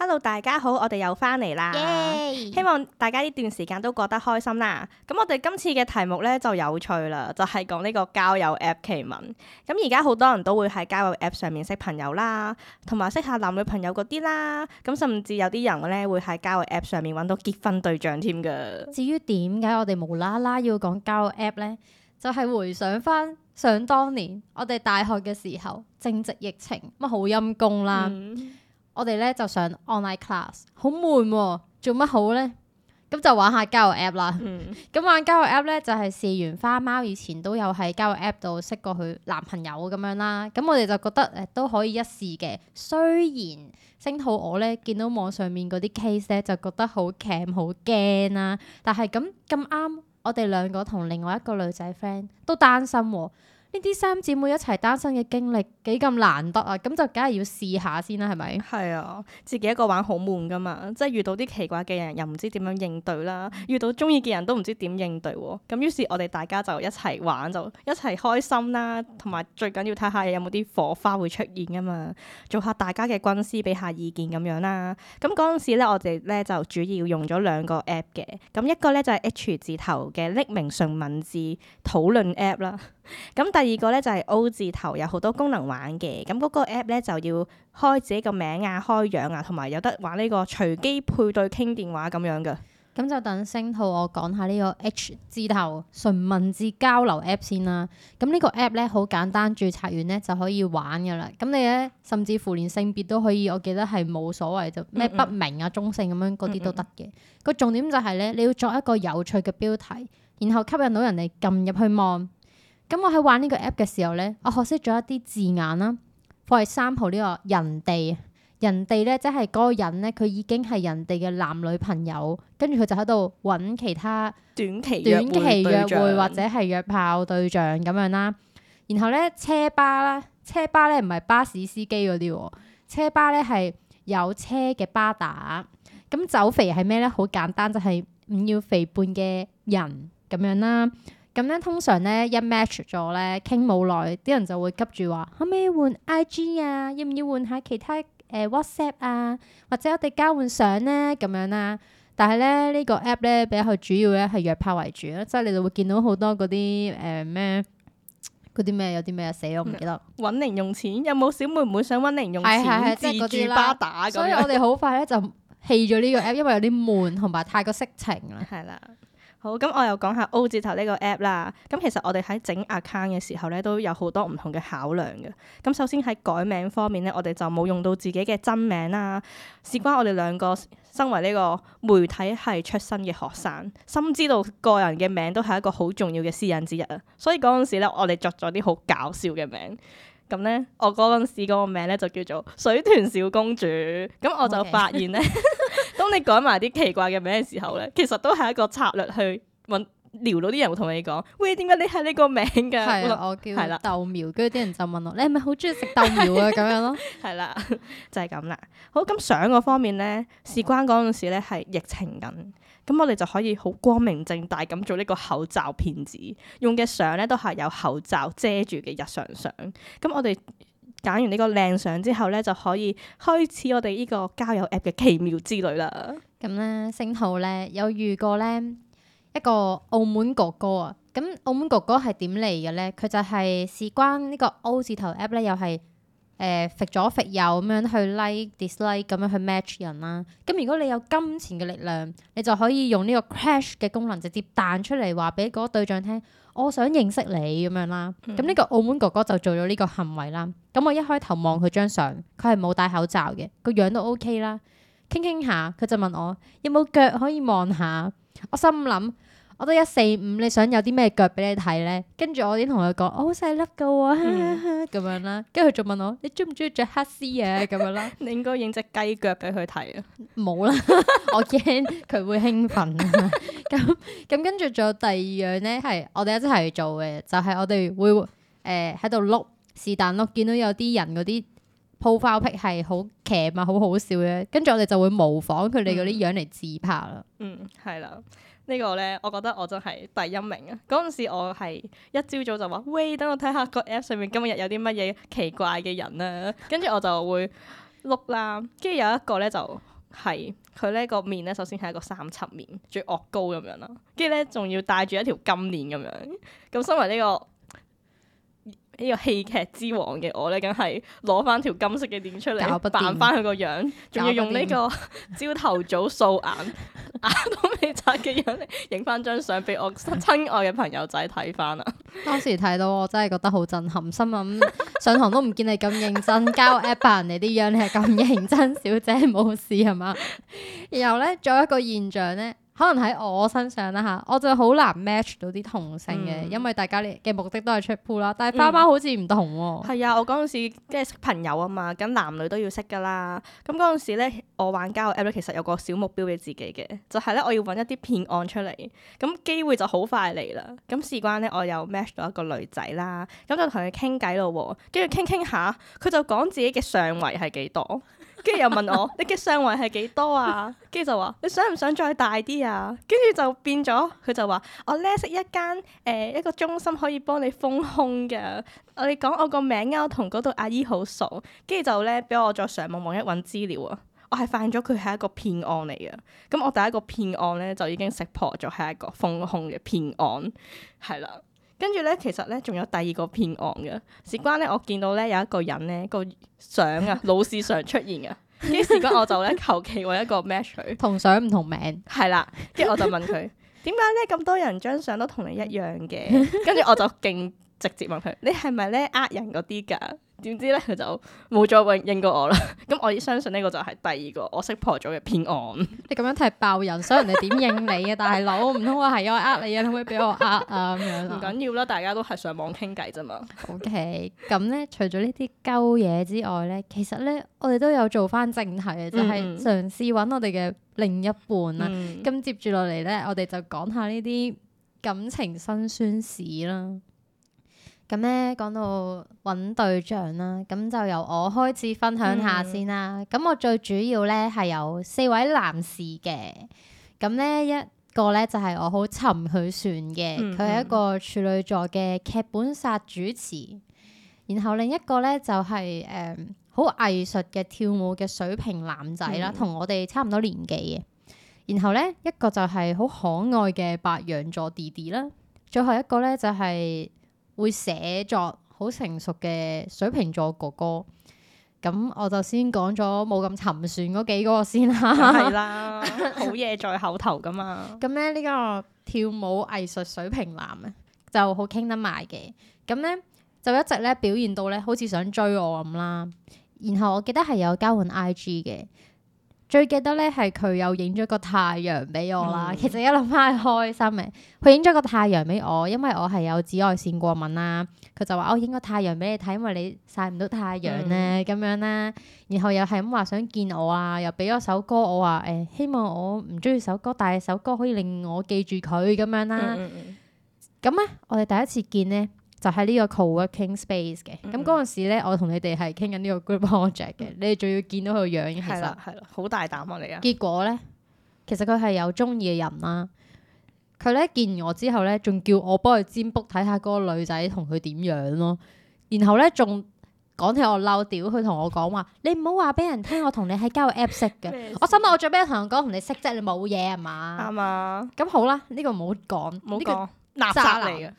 Hello，大家好，我哋又翻嚟啦，Yay! 希望大家呢段時間都過得開心啦。咁我哋今次嘅題目呢就有趣啦，就係、是、講呢個交友 app 奇聞。咁而家好多人都會喺交友 app 上面識朋友啦，同埋識下男女朋友嗰啲啦。咁甚至有啲人呢會喺交友 app 上面搵到結婚對象添噶。至於點解我哋無啦啦要講交友 app 呢？就係、是、回想翻想當年我哋大學嘅時候正值疫情，乜好陰功啦。嗯我哋咧就上 online class，好悶喎、啊，做乜好咧？咁就玩下交友 app 啦。咁、嗯、 玩交友 app 咧就係試完花貓，以前都有喺交友 app 度識過佢男朋友咁樣啦。咁我哋就覺得誒都可以一試嘅。雖然星免我咧見到網上面嗰啲 case 咧就覺得好 cam 好驚啦。但係咁咁啱，我哋兩個同另外一個女仔 friend 都單身喎。呢啲三姊妹一齊單身嘅經歷幾咁難得啊！咁就梗係要試下先啦，係咪？係啊，自己一個玩好悶噶嘛，即係遇到啲奇怪嘅人又唔知點樣應對啦，遇到中意嘅人都唔知點應對喎。咁於是我哋大家就一齊玩，就一齊開心啦，同埋最緊要睇下有冇啲火花會出現噶嘛，做下大家嘅軍師，俾下意見咁樣啦。咁嗰陣時咧，我哋咧就主要用咗兩個 app 嘅，咁一個咧就係、是、H 字頭嘅匿名純文字討論 app 啦。咁第二個咧就係 O 字頭有好多功能玩嘅，咁、那、嗰個 app 咧就要開自己個名啊，開樣啊，同埋有得玩呢個隨機配對傾電話咁樣嘅。咁就等星兔我講下呢個 H 字頭純文字交流 app 先啦。咁呢個 app 咧好簡單，注冊完咧就可以玩噶啦。咁你咧甚至乎連性別都可以，我記得係冇所謂就咩不明啊、嗯嗯、中性咁樣嗰啲都得嘅。個、嗯嗯、重點就係、是、咧你要作一個有趣嘅標題，然後吸引到人哋撳入去望。咁我喺玩呢個 app 嘅時候咧，我學識咗一啲字眼啦，例如三號呢個人哋，人哋咧即係嗰個人咧，佢已經係人哋嘅男女朋友，跟住佢就喺度揾其他短期短期約會或者係約炮對象咁樣啦。然後咧車巴啦，車巴咧唔係巴士司機嗰啲喎，車巴咧係有車嘅巴打。咁走肥係咩咧？好簡單，就係唔要肥胖嘅人咁樣啦。咁咧，通常咧一 match 咗咧，傾冇耐，啲人就會急住話，可唔可以換 IG 啊？要唔要換下其他誒 WhatsApp 啊？或者我哋交換相咧咁、啊、樣啦、啊。但係咧呢、呢個 app 咧比較主要咧係約炮為主咯，即、就、係、是、你就會見到好多嗰啲誒咩嗰啲咩有啲咩寫我唔記得揾零、嗯、用錢有冇小妹妹想揾零用錢對對對自助巴打，所以我哋好快咧就棄咗呢個 app， 因為有啲悶同埋太過色情啦。係啦。好，咁我又講下 O 字頭呢個 app 啦。咁其實我哋喺整 account 嘅時候咧，都有好多唔同嘅考量嘅。咁首先喺改名方面咧，我哋就冇用到自己嘅真名啦。事關我哋兩個身為呢個媒體系出身嘅學生，深知道個人嘅名都係一個好重要嘅私隱之一啊。所以嗰陣時咧，我哋作咗啲好搞笑嘅名。咁咧，我嗰陣時嗰個名咧就叫做水豚小公主，咁我就發現咧，Okay. 當你改埋啲奇怪嘅名嘅時候咧，其實都係一個策略去揾。聊到啲人會同你講，喂，點解你係呢個名噶？係啦、啊，我叫豆苗。跟住啲人就問我， 你係咪好中意食豆苗啊？咁 樣咯，係啦，就係咁啦。好，咁相嗰方面呢，事關嗰陣時呢係疫情緊，咁我哋就可以好光明正大咁做呢個口罩騙子，用嘅相呢都係有口罩遮住嘅日常相。咁我哋揀完呢個靚相之後呢，就可以開始我哋呢個交友 app 嘅奇妙之旅啦。咁呢，星浩呢有遇過呢。」一個澳門哥哥啊，咁澳門哥哥係點嚟嘅呢？佢就係事關呢個 O 字頭 app 咧，又係誒揈左揈右咁樣去 like dislike 咁樣去 match 人啦。咁如果你有金錢嘅力量，你就可以用呢個 crash 嘅功能直接彈出嚟話俾嗰對象聽，我想認識你咁樣啦。咁呢、嗯、個澳門哥哥就做咗呢個行為啦。咁我一開頭望佢張相，佢係冇戴口罩嘅，個樣都 OK 啦。傾傾下，佢就問我有冇腳可以望下。我心諗，我都一四五，你想有啲咩腳俾你睇咧？跟住我已經同佢講， 我好細粒噶，咁樣啦。跟住佢仲問我，你中唔中意着黑絲啊？咁樣 你咁樣啦，你應該影隻雞腳俾佢睇啊。冇啦，我驚佢會興奮。咁咁， 跟住仲有第二樣咧，係我哋一齊去做嘅，就係、是、我哋會誒喺度碌是但碌，見到有啲人嗰啲。po 仿 pic 係好騎呢好好笑嘅，跟住我哋就會模仿佢哋嗰啲樣嚟自拍啦。嗯，係啦，這個、呢個咧，我覺得我真係第一名啊！嗰陣時我係一朝早就話，喂，等我睇下個 app 上面今日有啲乜嘢奇怪嘅人啦、啊。跟住我就會碌 o 啦，跟住有一個咧就係佢咧個面咧，首先係一個三七面，最惡高咁樣啦。跟住咧仲要戴住一條金鏈咁樣。咁身為呢、這個呢個戲劇之王嘅我咧，梗係攞翻條金色嘅鏈出嚟，扮翻佢個樣，仲要用呢個朝頭早素顏， 眼都未眨嘅樣嚟影翻張相俾我親愛嘅朋友仔睇翻啦。當時睇到我真係覺得好震撼， 心諗上堂都唔見你咁認真，交 app 扮人哋啲樣，你係咁認真，小姐冇事係嘛？ 然後咧，仲有一個現象咧。可能喺我身上啦嚇，我就好難 match 到啲同性嘅，嗯、因為大家咧嘅目的都係出 pool 啦。但係花花好似唔同喎。係啊，我嗰陣時即係識朋友啊嘛，咁男女都要識噶啦。咁嗰陣時咧，我玩交友 app 咧，其實有個小目標俾自己嘅，就係、是、咧我要揾一啲騙案出嚟。咁機會就好快嚟啦。咁事關咧，我又 match 到一個女仔啦。咁就同佢傾偈咯喎，跟住傾傾下，佢就講自己嘅上圍係幾多？跟住又問我，你嘅上圍係幾多啊？跟住就話你想唔想再大啲啊？跟住就變咗，佢就話我呢識一間誒、呃、一個中心可以幫你豐胸嘅。我哋講我個名啊，我同嗰度阿姨好熟。跟住就呢，俾我再上網揾一揾資料啊。我係發現咗佢係一個騙案嚟嘅。咁我第一個騙案呢，就已經識破咗係一個豐胸嘅騙案，係啦。跟住咧，其實咧仲有第二個騙案嘅。事關咧，我見到咧有一個人咧個相啊，老是常出現嘅。啲時 關我就咧求其揾一個 match 佢，同相唔同名。係啦，跟住我就問佢點解咧咁多人張相都同你一樣嘅？跟住我就勁直接問佢： 你係咪咧呃人嗰啲㗎？點知咧佢就冇再應應過我啦，咁 我亦相信呢個就係第二個我識破咗嘅騙案。你咁樣踢爆人，所以 人哋點應你啊？ 大佬唔通我係我呃你啊？可唔可以俾我呃啊？咁樣唔緊要啦，大家都係上網傾偈啫嘛。OK，咁咧除咗呢啲鳩嘢之外咧，其實咧我哋都有做翻正題嘅，就係嘗試揾我哋嘅另一半啊。咁、嗯、接住落嚟咧，我哋就講下呢啲感情辛酸史啦。咁咧，講到揾對象啦，咁就由我開始分享下先啦。咁、嗯、我最主要咧係有四位男士嘅，咁咧一個咧就係我好沉佢船嘅，佢係、嗯嗯、一個處女座嘅劇本殺主持。然後另一個咧就係誒好藝術嘅跳舞嘅水平男仔啦，同、嗯、我哋差唔多年紀嘅。然後咧一個就係好可愛嘅白羊座弟弟啦。最後一個咧就係、是會寫作好成熟嘅水瓶座哥哥，咁我就先講咗冇咁沉船嗰幾嗰個先啦，係啦，好嘢 在後頭噶嘛。咁咧 呢，這個跳舞藝術水平男咧就好傾得埋嘅，咁咧就一直咧表現到咧好似想追我咁啦，然後我記得係有交換 IG 嘅。最記得咧係佢有影咗個太陽俾我啦，嗯、其實一諗翻係開心嘅、啊。佢影咗個太陽俾我，因為我係有紫外線過敏啦、啊。佢就話我影個太陽俾你睇，因為你曬唔到太陽咧咁樣啦、啊。然後又係咁話想見我啊，又俾咗首歌。我話誒、欸，希望我唔中意首歌，但係首歌可以令我記住佢咁樣啦、啊。咁咧、嗯嗯嗯啊，我哋第一次見咧。就喺呢個 co-working space 嘅，咁嗰陣時咧，我同、嗯、你哋係傾緊呢個 group project 嘅，你哋仲要見到佢個樣嘅，係啦，係好大膽啊你啊！結果咧，其實佢係、啊、有中意嘅人啦，佢咧見完我之後咧，仲叫我幫佢占卜睇下嗰個女仔同佢點樣咯，然後咧仲講起我嬲屌，佢同我講話，你唔好話俾人聽我同你喺交友 app 識嘅，我，我心諗我最尾同人講同你識啫，你冇嘢係嘛？啱啊！咁好啦，呢、這個唔好講，唔好講垃圾嚟嘅。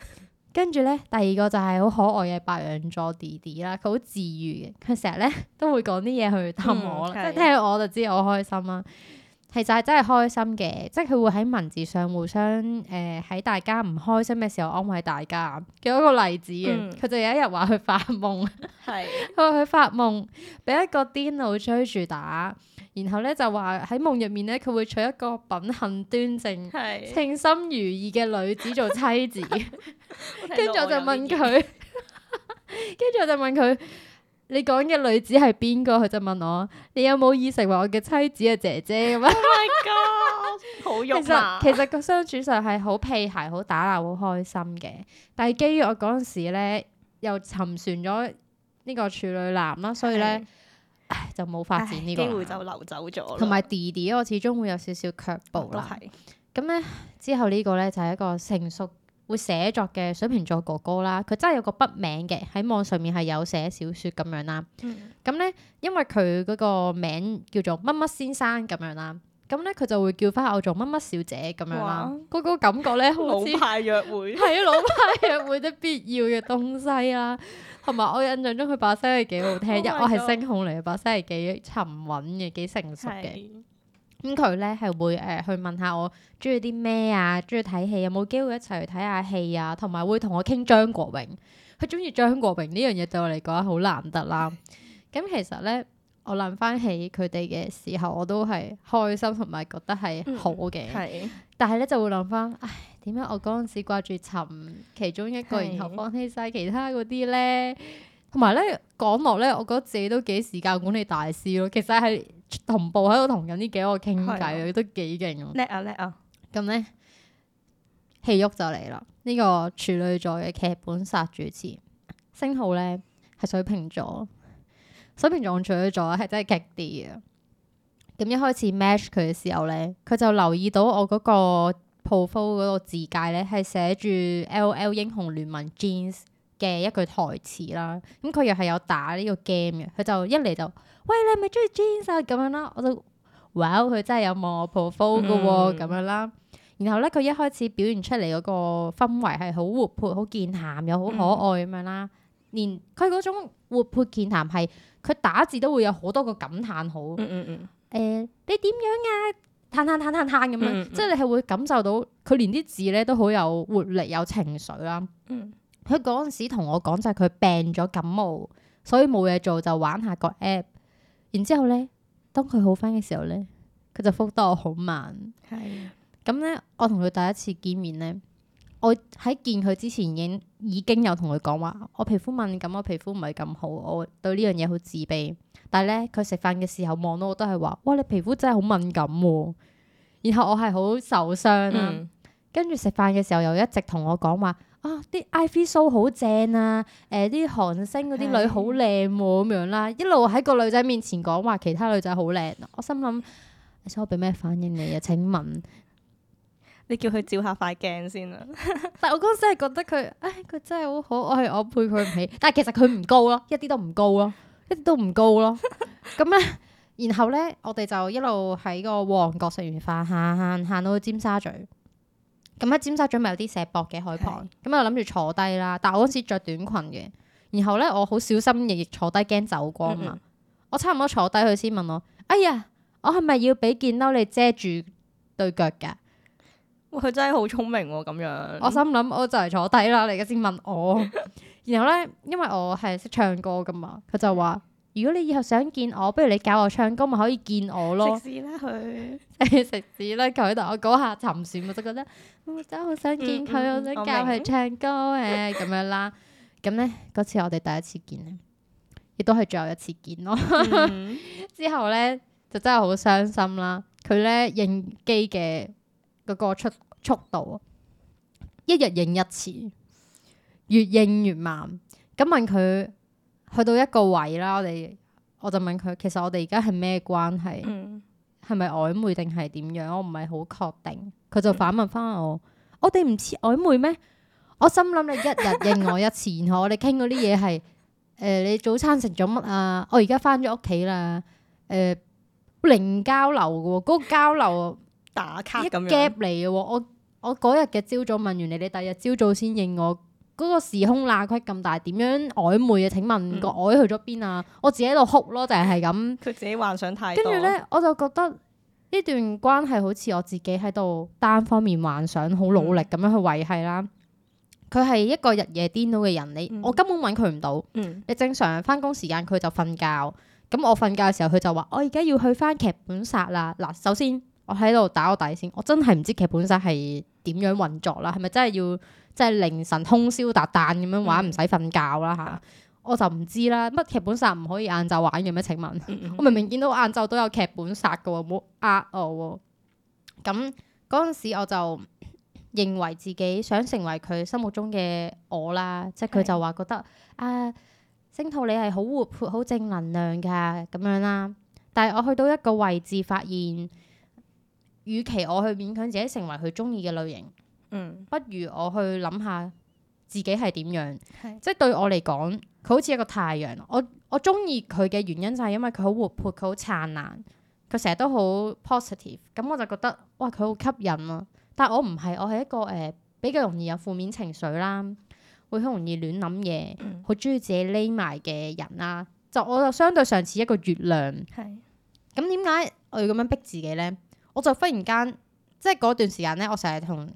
跟住咧，第二個就係好可愛嘅白羊座弟弟啦。佢好治癒嘅，佢成日咧都會講啲嘢去氹我，即係、嗯、聽我就知我開心啦。其實係真係開心嘅，即係佢會喺文字上互相誒喺、呃、大家唔開心嘅時候安慰大家。舉一個例子，佢、嗯、就有一日話佢發夢，佢話佢發夢俾一個癲佬追住打，然後咧就話喺夢入面咧佢會娶一個品行端正、稱心是如意嘅女子做妻子。跟住 我到 就問佢，跟住我 就問佢。你講嘅女子係邊個？佢就問我：你有冇意成為我嘅妻子啊，姐姐咁啊、Oh、my god！ 其實其實個相處上係好屁孩、好打鬧、好開心嘅。但係基於我嗰陣時咧，又沉船咗呢個處女男啦，所以咧的就冇發展呢個機、哎、會就流走咗。同埋弟弟，我始終會有少少卻步咯。咁咧，之後個呢個咧就係、是、一個成熟會寫作嘅水瓶座哥哥啦，佢真係有個筆名嘅，喺網上面係有寫小説咁樣啦。咁咧、嗯，因為佢嗰個名叫做乜乜先生咁樣啦，咁咧佢就會叫翻我做乜乜小姐咁樣啦。嗰哇個感覺咧，好似老派約會係啊，老派約會的必要嘅東西啦、啊。同埋 我印象中佢把聲係幾好聽，一、oh、我係聲控嚟，把聲係幾沉穩嘅，幾成熟嘅。咁佢咧係會誒、呃、去問下我中意啲咩啊，中意睇戲有冇機會一齊去睇下戲啊，同埋會同我傾張國榮。佢中意張國榮呢樣嘢對我嚟講好難得啦。咁、嗯、其實咧，我諗翻起佢哋嘅時候，我都係開心同埋覺得係好嘅。嗯、但係咧就會諗翻，唉，點解我嗰陣時掛住尋其中一個，然後放棄晒其他嗰啲咧？同埋咧講落咧，我覺得自己都幾時間管理大師咯。其實係。同步喺度同緊呢幾個傾偈，都幾勁。叻啊叻啊！咁咧、啊，戲郁就嚟啦。呢、這個處女座嘅劇本殺主持，星號咧係水瓶座，水瓶座同處女座係真係極啲嘅。咁一開始 match 佢嘅時候咧，佢就留意到我嗰個 profile 嗰個字界咧係寫住 L.O.L 英雄聯盟 Jeans。嘅一句台詞啦，咁佢又係有打呢個 game 嘅，佢就一嚟就，喂，你係咪中意 jeans 啊，咁樣啦，我就，哇！佢真係有望我 profile 嘅喎，咁、嗯、樣啦。然後咧，佢一開始表現出嚟嗰個氛圍係好活潑、好健談又好可愛咁樣啦。嗯、連佢嗰種活潑健談係，佢打字都會有好多個感嘆號。嗯，嗯，嗯、欸、你點樣啊？嘆嘆嘆嘆嘆咁樣，嗯嗯嗯即係你係會感受到佢連啲字咧都好有活力、有情緒啦。嗯嗯佢嗰陣時同我講就係佢病咗感冒，所以冇嘢做就玩下個 app。然之後呢，當佢好翻嘅時候呢，佢就復得我好慢。係是。咁咧，我同佢第一次見面呢，我喺見佢之前已經已經有同佢講話，我皮膚敏感，我皮膚唔係咁好，我對呢樣嘢好自卑。但係呢，佢食飯嘅時候望到我都係話：哇，你皮膚真係好敏感喎、啊！然後我係好受傷啦、啊。嗯跟住食飯嘅時候，又一直同我講話啊！啲 Ivy Show 好正啊，誒、呃、啲韓星嗰啲女好靚咁樣啦，一路喺個女仔面前講話其他女仔好靚。我心諗你收我俾咩反應你啊？請問你叫佢照下塊鏡先啊。 但我嗰陣真係覺得佢，唉、哎，佢真係好好，我我配佢唔起。但係其實佢唔高咯，一啲都唔高咯，一啲都唔高咯。咁咧， 然後咧，我哋就一路喺個旺角食完飯，行行行到去尖沙咀。咁喺尖沙咀咪有啲石博嘅海旁，咁我諗住坐低啦，但我嗰時着短裙嘅，然後咧我好小心翼翼坐低驚走光啊嘛，嗯嗯，我差唔多坐低佢先問我，哎呀，我係咪要俾件褸你遮住對腳嘅？哇，佢真係好聰明喎咁樣，我心諗我就嚟坐低啦，你而家先問我， 然後咧，因為我係識唱歌噶嘛，佢就話。如果你以後想見我，不如你教我唱歌咪可以見我咯。食屎啦佢， 食屎啦佢！但我嗰下沉船我就覺得，我真係好想見佢，嗯嗯、我想教佢唱歌誒，咁、嗯、樣啦。咁咧嗰次我哋第一次見咧，亦都係最後一次見咯。 之後咧就真係好傷心啦。佢咧應機嘅嗰個速速度，一日應一次，越應越慢。咁問佢。去到一個位啦，我哋我就問佢，其實我哋而家係咩關係？係咪、嗯、曖昧定係點樣？我唔係好確定。佢就反問翻我：我哋唔似曖昧咩？我心諗你一日應我一次，然後我哋傾嗰啲嘢係誒，你早餐食咗乜啊？我而家翻咗屋企啦。誒，零交流嘅喎，嗰個交流打卡一 gap 嚟嘅喎。我我嗰日嘅朝早問完你，你第日朝早先應我。嗰個時空罅隙咁大，點樣曖昧啊？請問個曖去咗邊啊？嗯、我自己喺度哭咯，就係、是、咁。佢自己幻想太多。跟住咧，我就覺得呢段關係好似我自己喺度單方面幻想，好努力咁樣去維繫啦。佢係、嗯、一個日夜顛倒嘅人，你我根本揾佢唔到。你、嗯、正常翻工時間佢就瞓覺，咁我瞓覺嘅時候佢就話：我而家要去翻劇本殺啦。嗱，首先我喺度打個底先，我真係唔知劇本殺係點樣運作啦，係咪真係要？即係凌晨通宵達旦咁樣玩，唔使瞓覺啦吓，嗯啊、我就唔知啦。乜劇本殺唔可以晏晝玩嘅咩？請問， 我明明見到晏晝都有劇本殺嘅，唔好呃我。咁嗰陣時，我就認為自己想成為佢心目中嘅我啦。即係佢就話覺得、嗯、啊，星兔你係好活潑、好正能量噶咁樣啦。但係我去到一個位置，發現，與其我去勉強自己成為佢中意嘅類型。嗯，不如我去諗下自己係點樣，是即係對我嚟講，佢好似一個太陽。我我中意佢嘅原因就係因為佢好活潑，佢好燦爛，佢成日都好 positive。咁我就覺得哇，佢好吸引咯、啊。但係我唔係，我係一個誒、呃、比較容易有負面情緒啦，會好容易亂諗嘢，好中意自己匿埋嘅人啦、啊。就我就相對上似一個月亮，係咁點解我要咁樣逼自己呢？我就忽然間即係嗰段時間呢，我成日同。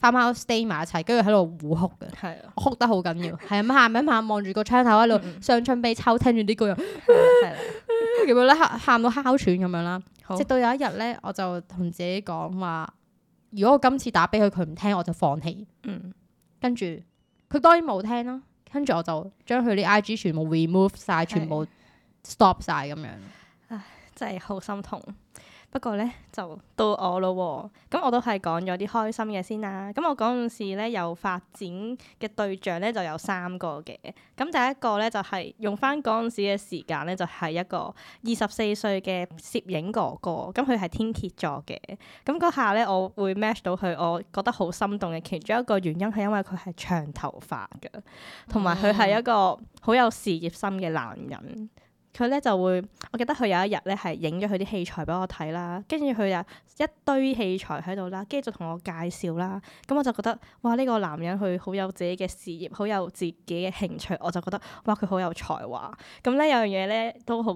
花貓 stay 埋一齊，跟住喺度胡哭嘅，的我哭得好緊要，係啊， 喊一喊，望住個窗口喺度，嗯、傷春悲秋，聽住啲歌，係啦，咁樣咧，喊到哮喘咁樣啦。好直到有一日咧，我就同自己講話：如果我今次打俾佢，佢唔聽，我就放棄。嗯、跟住佢當然冇聽啦。跟住我就將佢啲 I G 全部 remove 晒的，全部 stop 晒咁樣。唉，真係好心痛。不過咧，就到我咯喎，咁我都係講咗啲開心嘅先啦。咁我嗰陣時咧，有發展嘅對象咧就有三個嘅。咁第一個咧就係用翻嗰陣時嘅時間咧，就係一個二十四歲嘅攝影哥哥。咁佢係天蠍座嘅。咁嗰下咧，我會 match 到佢，我覺得好心動嘅其中一個原因係因為佢係長頭髮嘅，同埋佢係一個好有事業心嘅男人。嗯佢咧就會，我記得佢有一日咧係影咗佢啲器材俾我睇啦，跟住佢有一堆器材喺度啦，跟住就同我介紹啦。咁我就覺得，哇！呢個男人佢好有自己嘅事業，好有自己嘅興趣，我就覺得，哇！佢好有才華。咁咧有樣嘢咧都好，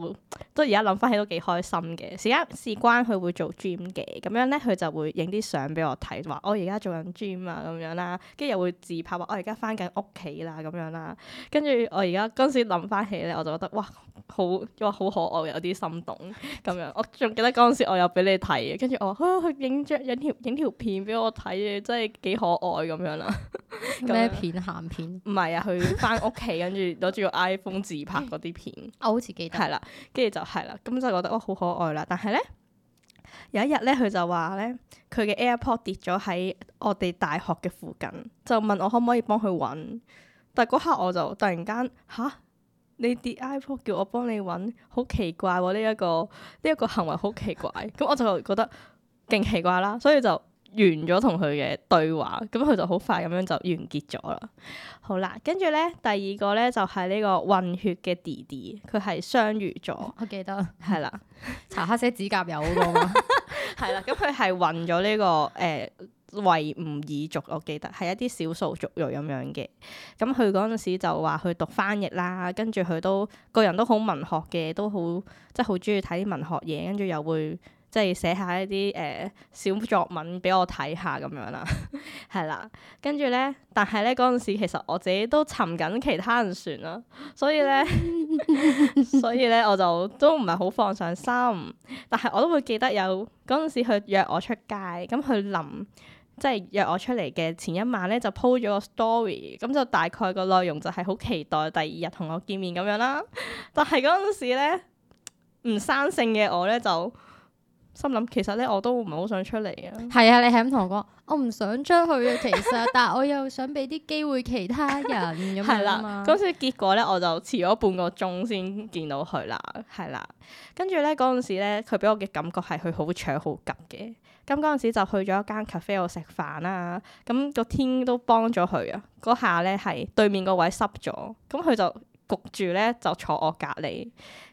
都而家諗翻起都幾開心嘅。事間事關佢會做 gym 嘅，咁樣咧佢就會影啲相俾我睇，話我而家做緊 gym 啊咁樣啦，跟住又會自拍話我而家翻緊屋企啦咁樣啦，跟住我而家嗰時諗翻起咧，我就覺得，哇！好，又話好可愛，有啲心動咁樣。我仲記得嗰陣時，我有俾你睇嘅，跟住我話佢影張影條影條片俾我睇嘅，真係幾可愛咁樣啦。咩片？鹹片？唔係啊，佢翻屋企跟住攞住個 iPhone 自拍嗰啲片， 我好似記得。係啦，跟住就係啦，咁就覺得哇，好可愛啦。但係咧有一日咧，佢就話咧，佢嘅 AirPod 跌咗喺我哋大學嘅附近，就問我可唔可以幫佢揾。但係嗰刻我就突然間嚇。你跌 iPhone 叫我幫你揾，好奇怪喎、哦！呢、這、一個呢一、這個行為好奇怪，咁 我就覺得勁奇怪啦，所以就完咗同佢嘅對話，咁佢就好快咁樣就完結咗啦。好啦，跟住咧第二個咧就係、是、呢個混血嘅弟弟，佢係雙魚座， 我記得，係啦，搽黑色指甲油咯，係 啦，咁佢係混咗呢、這個誒。呃維吾爾族，我記得係一啲少數族裔咁樣嘅。咁佢嗰陣時就話去讀翻譯啦，跟住佢都個人都好文學嘅，都好即係好中意睇啲文學嘢，跟住又會即係寫下一啲誒、呃、小作文俾我睇下咁樣啦，係 啦。跟住咧，但係咧嗰陣時其實我自己都沉緊其他人船啦，所以咧， 所以咧我就都唔係好放上心。但係我都會記得有嗰陣時佢約我出街，咁佢諗，即係約我出嚟嘅前一晚咧，就鋪咗個 story，咁就大概個內容就係好期待第二日同我見面咁樣啦。 但係嗰陣時咧，唔生性嘅我咧就心諗，其實咧我都唔係好想出嚟啊。係啊，你係咁同我講，我唔想追佢啊，其實， 但係我又想俾啲機會其他人咁 樣啊嘛。咁所以結果咧，我就遲咗半個鐘先見到佢啦。係啦，啊，跟住咧嗰陣時咧，佢俾我嘅感覺係佢好搶好急嘅。咁嗰陣時就去咗一間 cafe 度食飯啦，咁個天都幫咗佢啊，嗰下咧係對面個位濕咗，咁佢就焗住咧就坐我隔離，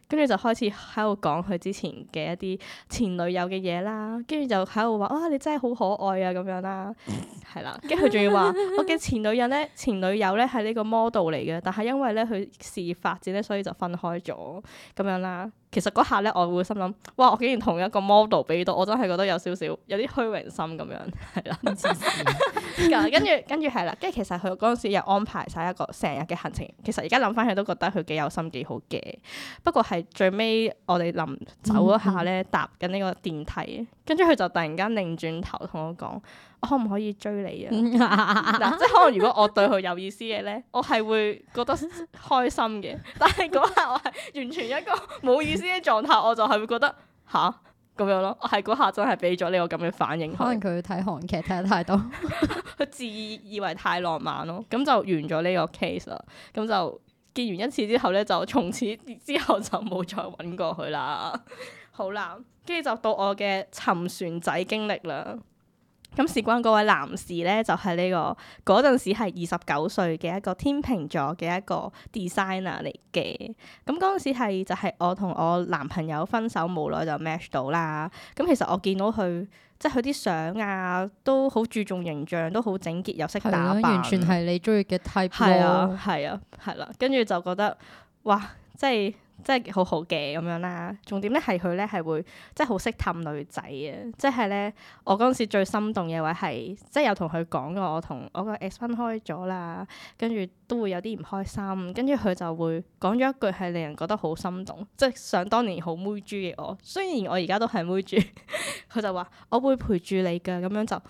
跟住就開始喺度講佢之前嘅一啲前女友嘅嘢啦，跟住就喺度話哇你真係好可愛啊咁樣啦，係啦， 跟住佢仲要話我嘅前女友咧，前女友咧係呢個 model 嚟嘅，但係因為咧佢事業發展咧，所以就分開咗咁樣啦。其實嗰下咧，我會心諗，哇！我竟然同一個 model 俾到，我真係覺得有少少有啲虛榮心咁樣，係啦， 跟住跟住係啦，跟住其實佢嗰陣時又安排晒一個成日嘅行程。其實而家諗翻，起都覺得諗翻起都覺得佢幾有心幾好嘅。不過係最尾我哋臨走嗰下咧，嗯嗯搭緊呢個電梯。跟住佢就突然間擰轉頭同我講：我可唔可以追你啊？嗱， 即係可能如果我對佢有意思嘅咧，我係會覺得開心嘅。但係嗰下我係完全一個冇意思嘅狀態，我就係會覺得吓，咁、啊、樣咯。我係嗰下真係俾咗呢個咁嘅反應。可能佢睇韓劇睇得太多，佢 自以為太浪漫咯。咁就完咗呢個 case 啦。咁就見完一次之後咧，就從此之後就冇再揾過佢啦。好啦，跟住就到我嘅沉船仔經歷啦。咁事關嗰位男士咧，就係呢個嗰陣時係二十九歲嘅一個天秤座嘅一個 designer 嚟嘅。咁嗰陣時係就係我同我男朋友分手冇耐就 match 到啦。咁其實我見到佢，即係佢啲相啊，都好注重形象，都好整潔，又識打扮，完全係你中意嘅 type。係啊，係啊，係啦，跟住就覺得哇，即係。即係好好嘅咁樣啦，重點咧係佢咧係會即係好識氹女仔嘅。即係咧我嗰陣時最心動嘅位係即係有同佢講過，我同我個 ex 分開咗啦，跟住都會有啲唔開心，跟住佢就會講咗一句係令人覺得好心動，即係想當年好妹豬嘅我，雖然我而家都係妹豬，佢 就話我會陪住你㗎，咁樣就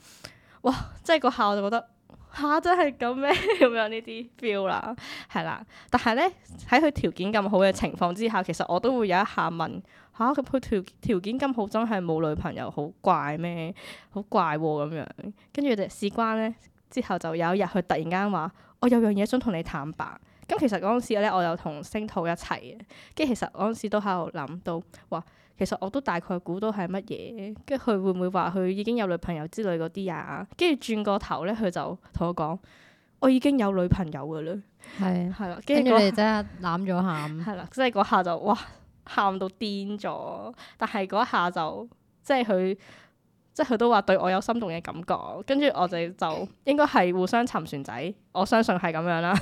哇！即係嗰下我就覺得。吓，真係咁咩咁樣呢啲 feel 啦，係 啦。但係咧喺佢條件咁好嘅情況之下，其實我都會有一下問吓，咁佢條條件咁好，真係冇女朋友好，好怪咩、啊？好怪喎咁樣。跟住就事關咧，之後就有一日佢突然間話：我有樣嘢想同你坦白。咁其實嗰陣時咧，我有同星兔一齊嘅。跟住其實嗰陣時都喺度諗到話。其實我都大概估到係乜嘢，跟住佢會唔會話佢已經有女朋友之類嗰啲啊？轉過跟住轉個頭咧，佢就同我講：我已經有女朋友㗎啦。係啊是，係啦的。跟住你哋真係攬咗喊。係啦，即係嗰下就哇喊到癲咗，但係嗰下就即係佢即係佢都話對我有心動嘅感覺，跟住我就就應該係互相沉船仔，我相信係咁樣啦。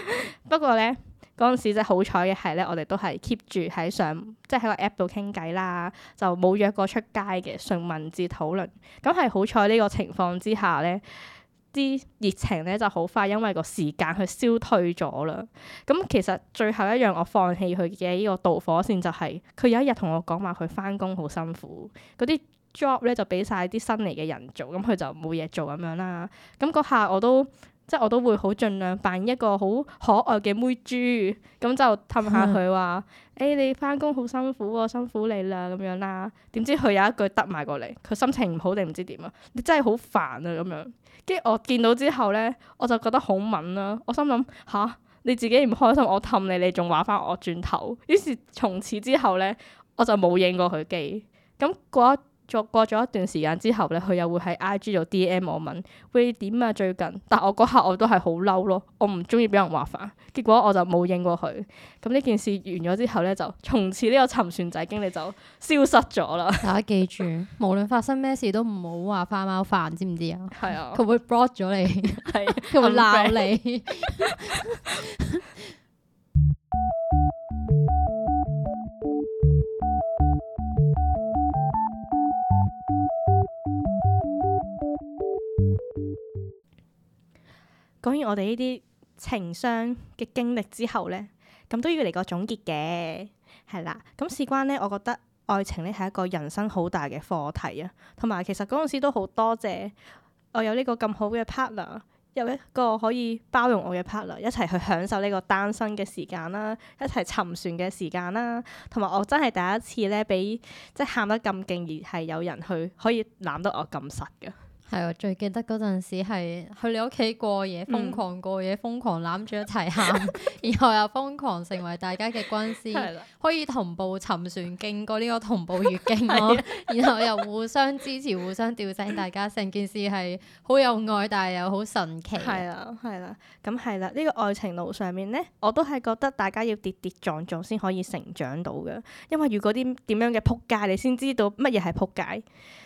不過咧。嗰陣時真係好彩嘅係咧，我哋都係 keep 住喺上，即係喺個 app 度傾偈啦，就冇約過出街嘅，純文字討論。咁係好彩呢個情況之下咧，啲熱情咧就好快因為個時間去消退咗啦。咁其實最後一樣我放棄佢嘅呢個導火線就係，佢有一日同我講話佢翻工好辛苦，嗰啲 job 咧就俾晒啲新嚟嘅人做，咁佢就冇嘢做咁樣啦。咁嗰下我都。即我都會好盡量扮一個好可愛嘅妹豬，咁就氹下佢話，誒、 hey, 你翻工好辛苦喎，辛苦你啦咁樣啦。點知佢有一句得埋過嚟，佢心情唔好定唔知點啊？你真係好煩啊咁樣。跟住我見到之後咧，我就覺得好憤啦。我心諗吓，你自己唔開心，我氹你，你仲話翻我轉頭。於是從此之後咧，我就冇應過佢機。咁嗰一。再過咗一段時間之後咧，佢又會喺 IG 度 DM 我，問會點啊最近？但我嗰刻我都係好嬲咯，我唔中意俾人話煩，結果我就冇應過佢。咁呢件事完咗之後咧，就從此呢個沉船仔經歷就消失咗啦。大家記住， 無論發生咩事都唔好話花貓煩，知唔知啊？係啊，佢 會 block 咗你，係佢會鬧你。講完我哋呢啲情商嘅經歷之後呢，咁都要嚟個總結嘅，係啦。咁事關呢，我覺得愛情呢係一個人生好大嘅課題啊。同埋其實嗰陣時都好多謝我有呢個咁好嘅 partner，有一個可以包容我嘅 partner，一齊去享受呢個單身嘅時間啦，一齊沉船嘅時間啦。同埋我真係第一次呢，俾即係喊得咁勁，而係有人去可以攬得我咁實㗎。係啊，最記得嗰陣時係去你屋企過夜，瘋狂過夜，瘋狂攬住一齊喊，嗯、然後又瘋狂成為大家嘅軍師， 對了 可以同步沉船經過呢個同步月經咯，對了 然後又互相支持、 互相調整。大家成件事係好有愛，但係又好神奇。係啦，係啦、啊，咁係啦，呢個愛情路上面呢，我都係覺得大家要跌跌撞撞先可以成長到嘅，因為如果啲點樣嘅撲街，你先知道乜嘢係撲街，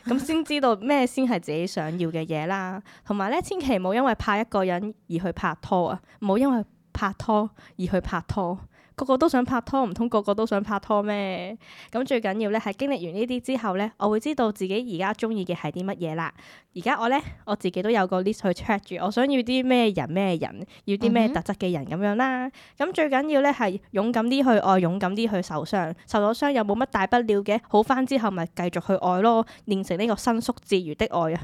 咁先知道咩先係自己想。 緊要嘅嘢啦，同埋咧，千祈唔好因為怕一個人而去拍拖啊！唔好因為拍拖而去拍拖，個個都想拍拖，唔通個個都想拍拖咩？咁最緊要咧係經歷完呢啲之後咧，我會知道自己而家中意嘅係啲乜嘢啦。而家我咧我自己都有個 list 去 check 住，我想要啲咩人咩人，要啲咩特質嘅人咁樣啦。咁、嗯、哼最緊要咧係勇敢啲去愛，勇敢啲去受傷，受咗傷又冇乜大不了嘅，好翻之後咪繼續去愛咯，練成呢個伸縮自如的愛啊！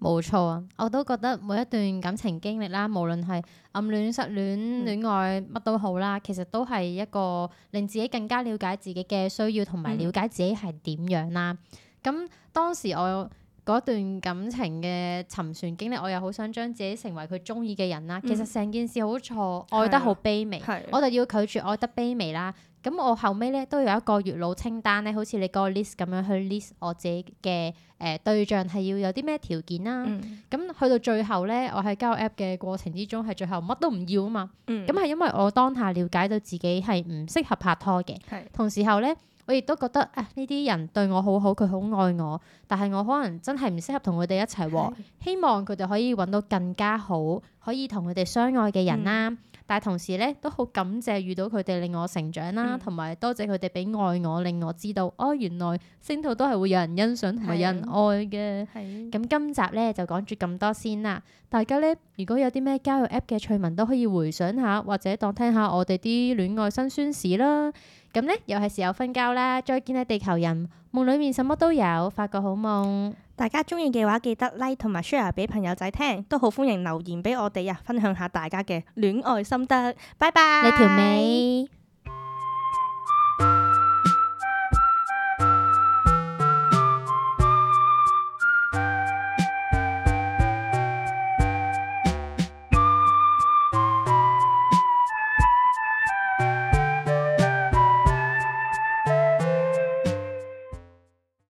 冇錯啊！我都覺得每一段感情經歷啦，無論係暗戀、失戀、戀愛乜、嗯、都好啦，其實都係一個令自己更加了解自己嘅需要同埋了解自己係點樣啦。咁、嗯、當時我嗰段感情嘅沉船經歷，我又好想將自己成為佢中意嘅人啦。嗯、其實成件事好錯，愛得好卑微，嗯、我就要拒絕愛得卑微啦。咁我後尾咧都有一個月老清單咧，好似你個 list 咁樣去 list 我自己嘅誒、呃、對象係要有啲咩條件啦、啊。咁、嗯、去到最後咧，我喺交 app 嘅過程之中係最後乜都唔要啊嘛。咁係、嗯、因為我當下了解到自己係唔適合拍拖嘅，是的 同時候咧我亦都覺得啊呢啲人對我好好，佢好愛我，但係我可能真係唔適合同佢哋一齊喎。是的 希望佢哋可以揾到更加好，可以同佢哋相愛嘅人啦、啊。嗯嗯但同時咧，都好感謝遇到佢哋令我成長啦、啊，同埋多謝佢哋俾愛我，令我知道哦，原來星免都係會有人欣賞同埋有，有人愛嘅。咁今集咧就講住咁多先啦。大家咧如果有啲咩交友 App 嘅趣聞都可以回想下，或者當聽下我哋啲戀愛辛酸史啦。咁呢，又係時候瞓覺啦！再見啦，地球人！夢裏面什麼都有，發個好夢。大家中意嘅話，記得 like 同埋 share 俾朋友仔聽，都好歡迎留言俾我哋啊！分享下大家嘅戀愛心得。拜拜，你條尾。